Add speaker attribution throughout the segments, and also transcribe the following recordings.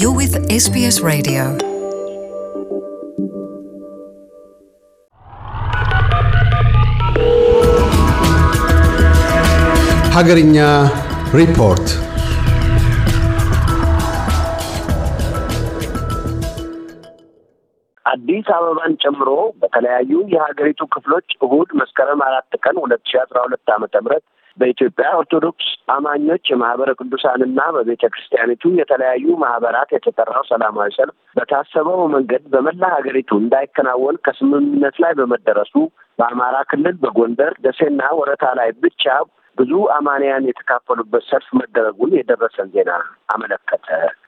Speaker 1: You're with SBS Radio. Hagarinya Report. አዲስ አበባን ጨምሮ በተለያዩ የሀገሪቱ ክፍሎች እሁድ መስከረም አራት ቀን ሁለት ሺ አስራ ሁለት አመተ ምህረት በኢትዮጵያ ኦርቶዶክስ አማኞች የማህበረ ቅዱሳንና በቤተ ክርስቲያኒቱ የተለያዩ ማህበራት የተጠራው ሰላማዊ ሰልፍ በታሰበው መንገድ በመላ ሀገሪቱ እንዳይከናወን ከስምምነት ላይ በመደረሱ በአማራ ክልል በጎንደር ደሴና ወረታ ላይ ብቻ ብዙ አማንያን የተካፈሉበት ሰልፍ መደረጉን የደረሰን ዜና አመለከተ።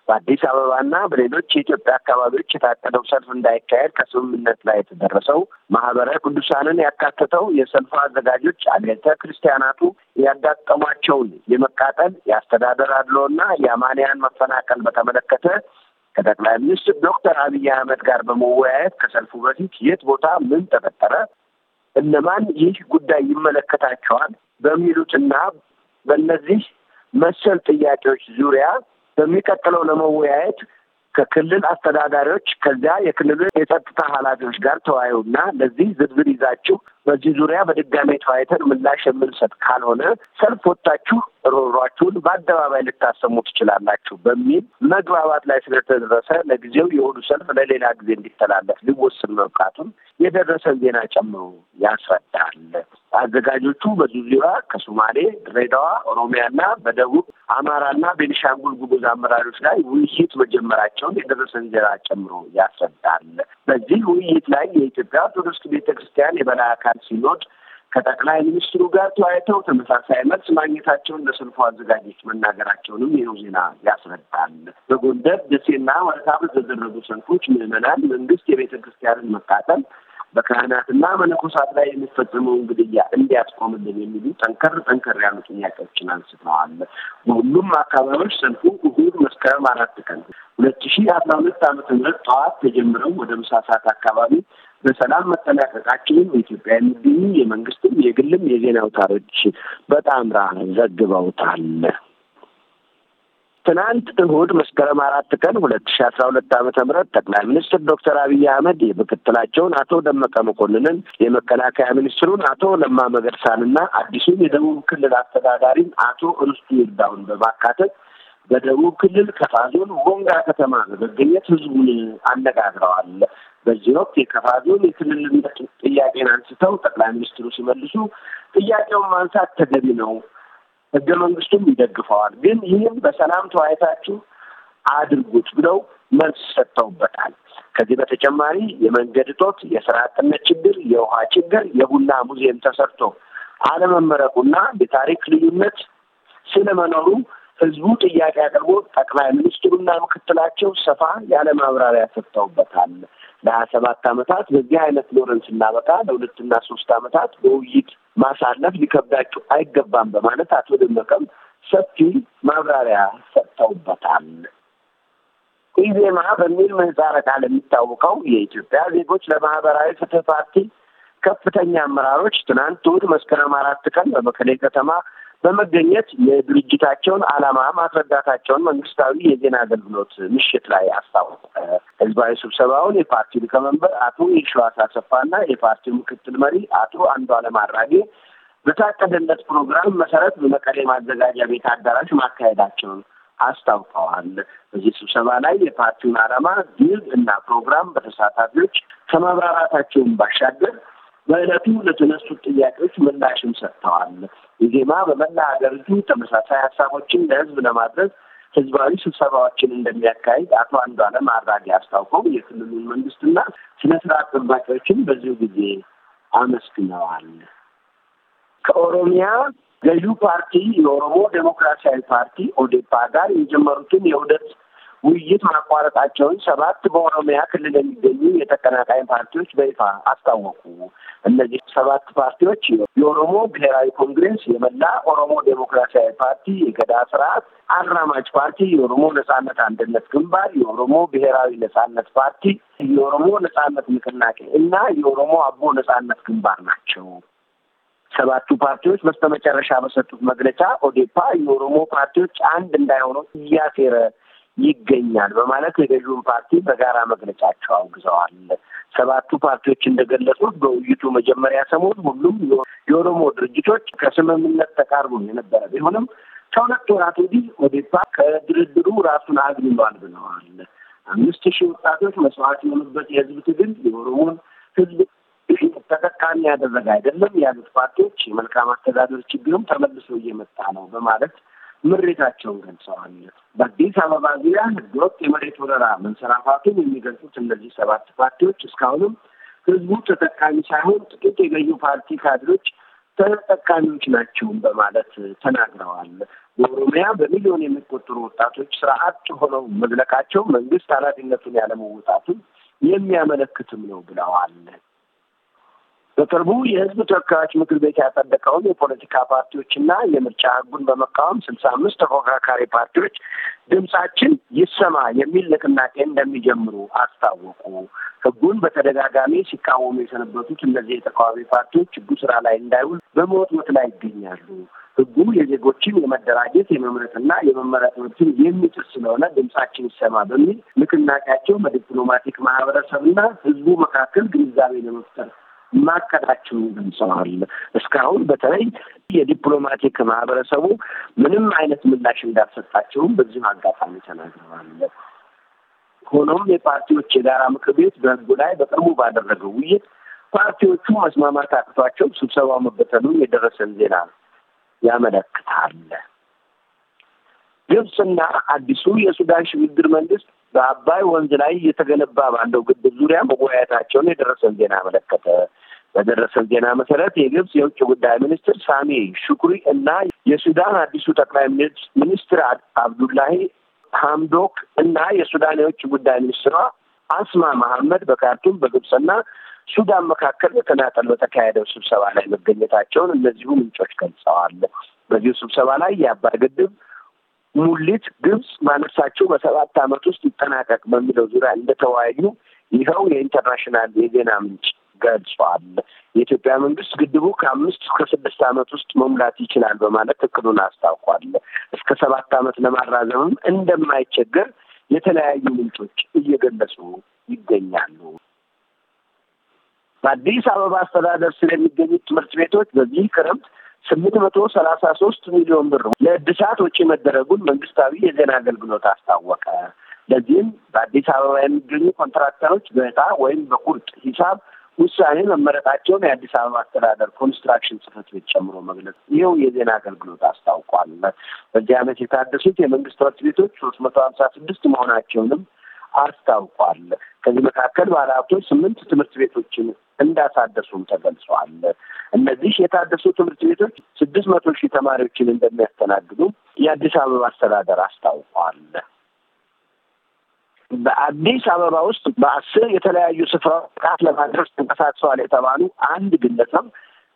Speaker 1: በአዲስ አበባና በሌሎች የኢትዮጵያ አካባቢዎች የታቀደው ሰልፍ እንዳይካሄድ ከስምምነት ላይ የተደረሰው ማህበረ ቅዱሳንን ያካተተው የሰልፉ አዘጋጆች አብያተ ክርስቲያናቱ ያጋጠሟቸውን የመቃጠል የአስተዳደር አድሎና የአማንያን መፈናቀል በተመለከተ ከጠቅላይ ሚኒስትር ዶክተር አብይ አህመድ ጋር በመወያየት ከሰልፉ በፊት የት ቦታ ምን ተፈጠረ፣ እነማን ይህ ጉዳይ ይመለከታቸዋል በሚሉትና በእነዚህ መሰል ጥያቄዎች ዙሪያ በሚቀጥለው ለመወያየት ከክልል አስተዳዳሪዎች ከዚያ የክልሉ የጸጥታ ኃላፊዎች ጋር ተወያዩና ለዚህ ዝርዝር ይዛችሁ በዚህ ዙሪያ በድጋሜ ተወያይተን ምላሽ የምንሰጥ ካልሆነ ሰልፍ ወጥታችሁ ሮሯችሁን በአደባባይ ልታሰሙ ትችላላችሁ በሚል መግባባት ላይ ስለተደረሰ ለጊዜው የሆኑ ሰልፍ ለሌላ ጊዜ እንዲተላለፍ ሊወስን መብቃቱን የደረሰን ዜና ጨምሮ ያስረዳል። አዘጋጆቹ በዙሪያ ከሶማሌ፣ ድሬዳዋ፣ ኦሮሚያና በደቡብ አማራና ቤኒሻንጉል ጉሙዝ አመራሮች ላይ ውይይት መጀመራቸውን የደረሰን ዜና ጨምሮ ያስረዳል። በዚህ ውይይት ላይ የኢትዮጵያ ኦርቶዶክስ ቤተ ክርስቲያን የበላይ አካል ሲኖድ ከጠቅላይ ሚኒስትሩ ጋር ተወያይተው ተመሳሳይ መልስ ማግኘታቸውን ለሰልፉ አዘጋጆች መናገራቸውንም ይኸው ዜና ያስረዳል። በጎንደር ደሴና ወረታ በተደረጉ ሰልፎች ምዕመናን መንግስት የቤተ ክርስቲያንን መቃጠል በካህናትና መነኮሳት ላይ የሚፈጸመውን ግድያ እንዲያስቆምልን የሚሉ ጠንከር ጠንከር ያሉ ጥያቄዎችን አንስተዋል። በሁሉም አካባቢዎች ሰልፉ እሁድ መስከረም አራት ቀን ሁለት ሺ አስራ ሁለት ዓመተ ምህረት ጠዋት ተጀምረው ወደ ምሳ ሰዓት አካባቢ በሰላም መጠናቀቃችንን በኢትዮጵያ የሚገኙ የመንግስትም የግልም የዜና አውታሮች በጣምራ ዘግበውታል። ትናንት እሁድ መስከረም አራት ቀን ሁለት ሺ አስራ ሁለት ዓመተ ምህረት ጠቅላይ ሚኒስትር ዶክተር አብይ አህመድ የምክትላቸውን አቶ ደመቀ መኮንንን የመከላከያ ሚኒስትሩን አቶ ለማ መገርሳንና አዲሱን የደቡብ ክልል አስተዳዳሪን አቶ እንስቱ ይርዳውን በማካተት በደቡብ ክልል ከፋዞን ወንጋ ከተማ በመገኘት ህዝቡን አነጋግረዋል። በዚህ ወቅት የከፋዞን የክልልነት ጥያቄን አንስተው ጠቅላይ ሚኒስትሩ ሲመልሱ ጥያቄውን ማንሳት ተገቢ ነው ህገ መንግስቱም ይደግፈዋል። ግን ይህም በሰላም ተወያይታችሁ አድርጉት ብለው መልስ ሰጥተውበታል። ከዚህ በተጨማሪ የመንገድ እጦት፣ የስራ አጥነት ችግር፣ የውሃ ችግር፣ የቡና ሙዚየም ተሰርቶ አለመመረቁና የታሪክ ልዩነት ስለመኖሩ ህዝቡ ጥያቄ አቅርቦ ጠቅላይ ሚኒስትሩና ምክትላቸው ሰፋ ያለ ማብራሪያ ሰጥተውበታል። ለሀያ ሰባት አመታት በዚህ አይነት ኖረን ስናበቃ ለሁለትና ሶስት አመታት በውይይት ማሳለፍ ሊከብዳችሁ አይገባም በማለት አቶ ደመቀም ሰፊ ማብራሪያ ሰጥተውበታል። ኢዜማ በሚል ምህፃረ ቃል የሚታወቀው የኢትዮጵያ ዜጎች ለማህበራዊ ፍትህ ፓርቲ ከፍተኛ አመራሮች ትናንት እሑድ መስከረም አራት ቀን በመቀሌ ከተማ በመገኘት የድርጅታቸውን ዓላማ ማስረዳታቸውን መንግስታዊ የዜና አገልግሎት ምሽት ላይ አስታወቀ። ህዝባዊ ስብሰባውን የፓርቲው ሊቀመንበር አቶ የሸዋስ አሰፋና የፓርቲው ምክትል መሪ አቶ አንዱዓለም አራጌ በታቀደለት ፕሮግራም መሰረት በመቀሌ ማዘጋጃ ቤት አዳራሽ ማካሄዳቸውን አስታውቀዋል። በዚህ ስብሰባ ላይ የፓርቲውን ዓላማ ግብ እና ፕሮግራም በተሳታፊዎች ከማብራራታቸውን ባሻገር በእለቱ ለተነሱት ጥያቄዎች ምላሽም ሰጥተዋል። ኢዜማ በመላ ሀገሪቱ ተመሳሳይ ሀሳቦችን ለህዝብ ለማድረስ ህዝባዊ ስብሰባዎችን እንደሚያካሂድ አቶ አለም አራጌ አስታውቀው የክልሉን መንግስትና ስነ ስርዓት ጠባቂዎችን በዚሁ ጊዜ አመስግነዋል። ከኦሮሚያ ገዢው ፓርቲ የኦሮሞ ዴሞክራሲያዊ ፓርቲ ኦዴፓ ጋር የጀመሩትን የውደት ውይይት ማቋረጣቸውን ሰባት በኦሮሚያ ክልል የሚገኙ የተቀናቃኝ ፓርቲዎች በይፋ አስታወቁ። እነዚህ ሰባት ፓርቲዎች የኦሮሞ ብሔራዊ ኮንግሬስ፣ የመላ ኦሮሞ ዴሞክራሲያዊ ፓርቲ፣ የገዳ ስርዓት አራማጅ ፓርቲ፣ የኦሮሞ ነጻነት አንድነት ግንባር፣ የኦሮሞ ብሔራዊ ነጻነት ፓርቲ፣ የኦሮሞ ነጻነት ንቅናቄ እና የኦሮሞ አቦ ነጻነት ግንባር ናቸው። ሰባቱ ፓርቲዎች በስተመጨረሻ በሰጡት መግለጫ ኦዴፓ የኦሮሞ ፓርቲዎች አንድ እንዳይሆኑ እያሴረ ይገኛል በማለት የገዥውን ፓርቲ በጋራ መግለጫቸው አውግዘዋል። ሰባቱ ፓርቲዎች እንደገለጹት በውይይቱ መጀመሪያ ሰሞን ሁሉም የኦሮሞ ድርጅቶች ከስምምነት ተቃርቦ የነበረ ቢሆንም ከሁለት ወራት ወዲህ ኦዴፓ ከድርድሩ ራሱን አግልሏል ብለዋል። አምስት ሺህ ወጣቶች መስዋዕት የሆኑበት የህዝብ ትግል የኦሮሞን ህዝብ ተጠቃሚ ያደረገ አይደለም ያሉት ፓርቲዎች የመልካም አስተዳደር ችግርም ተመልሶ እየመጣ ነው በማለት ምሬታቸውን ገልጸዋል። በአዲስ አበባ ዙሪያ ህገወጥ የመሬት ወረራ መንሰራፋቱን የሚገልጹት እነዚህ ሰባት ፓርቲዎች እስካሁንም ህዝቡ ተጠቃሚ ሳይሆን ጥቂት የገዩ ፓርቲ ካድሮች ተጠቃሚዎች ናቸው በማለት ተናግረዋል። በኦሮሚያ በሚሊዮን የሚቆጠሩ ወጣቶች ስራ አጥ ሆነው መዝለቃቸው መንግስት ኃላፊነቱን ያለመወጣቱን የሚያመለክትም ነው ብለዋል። በቅርቡ የህዝብ ተወካዮች ምክር ቤት ያጸደቀውን የፖለቲካ ፓርቲዎችና የምርጫ ህጉን በመቃወም ስልሳ አምስት ተፎካካሪ ፓርቲዎች ድምጻችን ይሰማ የሚል ንቅናቄ እንደሚጀምሩ አስታወቁ። ህጉን በተደጋጋሚ ሲቃወሙ የሰነበቱት እነዚህ የተቃዋሚ ፓርቲዎች ህጉ ስራ ላይ እንዳይውል በመወጥወት ላይ ይገኛሉ። ህጉ የዜጎችን የመደራጀት የመምረጥና የመመረጥ መብትን የሚጥስ ስለሆነ ድምጻችን ይሰማ በሚል ንቅናቄያቸው በዲፕሎማቲክ ማህበረሰብና ህዝቡ መካከል ግንዛቤ ለመፍጠር ማቀዳቸውን ገልጸዋል። እስካሁን በተለይ የዲፕሎማቲክ ማህበረሰቡ ምንም አይነት ምላሽ እንዳልሰጣቸውም በዚህ አጋጣሚ ተናግረዋል። ሆኖም የፓርቲዎች የጋራ ምክር ቤት በህጉ ላይ በቅርቡ ባደረገው ውይይት ፓርቲዎቹ መስማማት አቅቷቸው ስብሰባው መበተኑን የደረሰን ዜና ያመለክታል። ግብፅና አዲሱ የሱዳን ሽግግር መንግስት በአባይ ወንዝ ላይ እየተገነባ ባለው ግድብ ዙሪያ መወያየታቸውን የደረሰን ዜና አመለከተ። በደረሰን ዜና መሰረት የግብጽ የውጭ ጉዳይ ሚኒስትር ሳሚ ሹኩሪ እና የሱዳን አዲሱ ጠቅላይ ሚኒስትር አብዱላሂ ሀምዶክ እና የሱዳን የውጭ ጉዳይ ሚኒስትሯ አስማ መሐመድ በካርቱም በግብፅና ሱዳን መካከል በተናጠል በተካሄደው ስብሰባ ላይ መገኘታቸውን እነዚሁ ምንጮች ገልጸዋል። በዚሁ ስብሰባ ላይ የአባይ ግድብ ሙሊት ግብጽ ማነሳቸው በሰባት ዓመት ውስጥ ይጠናቀቅ በሚለው ዙሪያ እንደተወያዩ ይኸው የኢንተርናሽናል የዜና ምንጭ ገልጿል። የኢትዮጵያ መንግስት ግድቡ ከአምስት እስከ ስድስት ዓመት ውስጥ መሙላት ይችላል በማለት እቅዱን አስታውቋል። እስከ ሰባት ዓመት ለማራዘምም እንደማይቸገር የተለያዩ ምንጮች እየገለጹ ይገኛሉ። በአዲስ አበባ አስተዳደር ስር የሚገኙት ትምህርት ቤቶች በዚህ ክረምት ስምንት መቶ ሰላሳ ሶስት ሚሊዮን ብር ለእድሳት ወጪ መደረጉን መንግስታዊ የዜና አገልግሎት አስታወቀ። ለዚህም በአዲስ አበባ የሚገኙ ኮንትራክተሮች በእጣ ወይም በቁርጥ ሂሳብ ውሳኔ መመረጣቸውን የአዲስ አበባ አስተዳደር ኮንስትራክሽን ጽሕፈት ቤት ጨምሮ መግለጽ ይኸው የዜና አገልግሎት አስታውቋል። በዚህ ዓመት የታደሱት የመንግስት ትምህርት ቤቶች ሶስት መቶ ሀምሳ ስድስት መሆናቸውንም አስታውቋል። ከዚህ መካከል ባለሀብቶች ስምንት ትምህርት ቤቶችን እንዳሳደሱም ተገልጸዋል። እነዚህ የታደሱ ትምህርት ቤቶች ስድስት መቶ ሺህ ተማሪዎችን እንደሚያስተናግዱ የአዲስ አበባ አስተዳደር አስታውቋል። በአዲስ አበባ ውስጥ በአስር የተለያዩ ስፍራዎች ጥቃት ለማድረስ ተንቀሳቅሰዋል የተባሉ አንድ ግለሰብ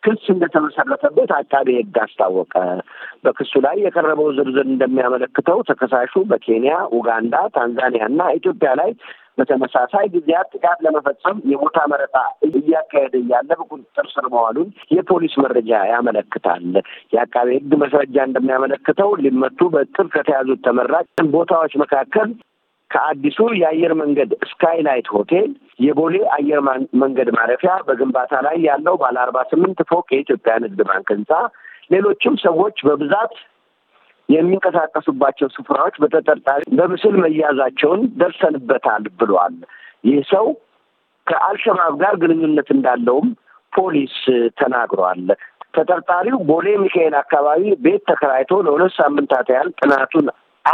Speaker 1: ክስ እንደተመሰረተበት አቃቤ ሕግ አስታወቀ። በክሱ ላይ የቀረበው ዝርዝር እንደሚያመለክተው ተከሳሹ በኬንያ፣ ኡጋንዳ፣ ታንዛኒያ እና ኢትዮጵያ ላይ በተመሳሳይ ጊዜያት ጥቃት ለመፈጸም የቦታ መረጣ እያካሄደ እያለ በቁጥጥር ስር መዋሉን የፖሊስ መረጃ ያመለክታል። የአቃቤ ሕግ መስረጃ እንደሚያመለክተው ሊመቱ በጥር ከተያዙት ተመራጭ ቦታዎች መካከል ከአዲሱ የአየር መንገድ ስካይላይት ሆቴል፣ የቦሌ አየር መንገድ ማረፊያ፣ በግንባታ ላይ ያለው ባለ አርባ ስምንት ፎቅ የኢትዮጵያ ንግድ ባንክ ህንፃ ሌሎችም ሰዎች በብዛት የሚንቀሳቀሱባቸው ስፍራዎች በተጠርጣሪ በምስል መያዛቸውን ደርሰንበታል ብሏል። ይህ ሰው ከአልሸባብ ጋር ግንኙነት እንዳለውም ፖሊስ ተናግሯል። ተጠርጣሪው ቦሌ ሚካኤል አካባቢ ቤት ተከራይቶ ለሁለት ሳምንታት ያህል ጥናቱን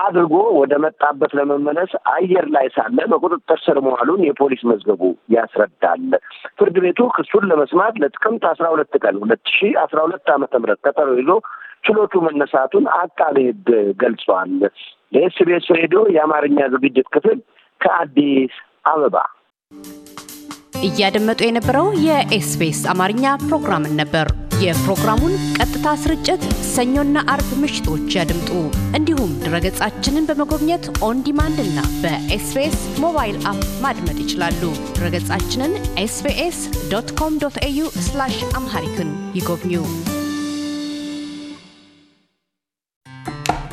Speaker 1: አድርጎ ወደ መጣበት ለመመለስ አየር ላይ ሳለ በቁጥጥር ስር መዋሉን የፖሊስ መዝገቡ ያስረዳል። ፍርድ ቤቱ ክሱን ለመስማት ለጥቅምት አስራ ሁለት ቀን ሁለት ሺ አስራ ሁለት ዓመተ ምህረት ቀጠሮ ይዞ ችሎቱ መነሳቱን አቃቤ ሕግ ገልጸዋል። ለኤስቢኤስ ሬዲዮ የአማርኛ ዝግጅት ክፍል ከአዲስ አበባ እያደመጡ የነበረው የኤስቢኤስ አማርኛ ፕሮግራምን ነበር። የፕሮግራሙን ቀጥታ ስርጭት ሰኞና አርብ ምሽቶች ያድምጡ። እንዲሁም ድረገጻችንን በመጎብኘት ኦን ዲማንድ እና በኤስቢኤስ ሞባይል አፕ ማድመጥ ይችላሉ። ድረገጻችንን ኤስቢኤስ ዶት ኮም ዶት ኤዩ አምሃሪክን ይጎብኙ።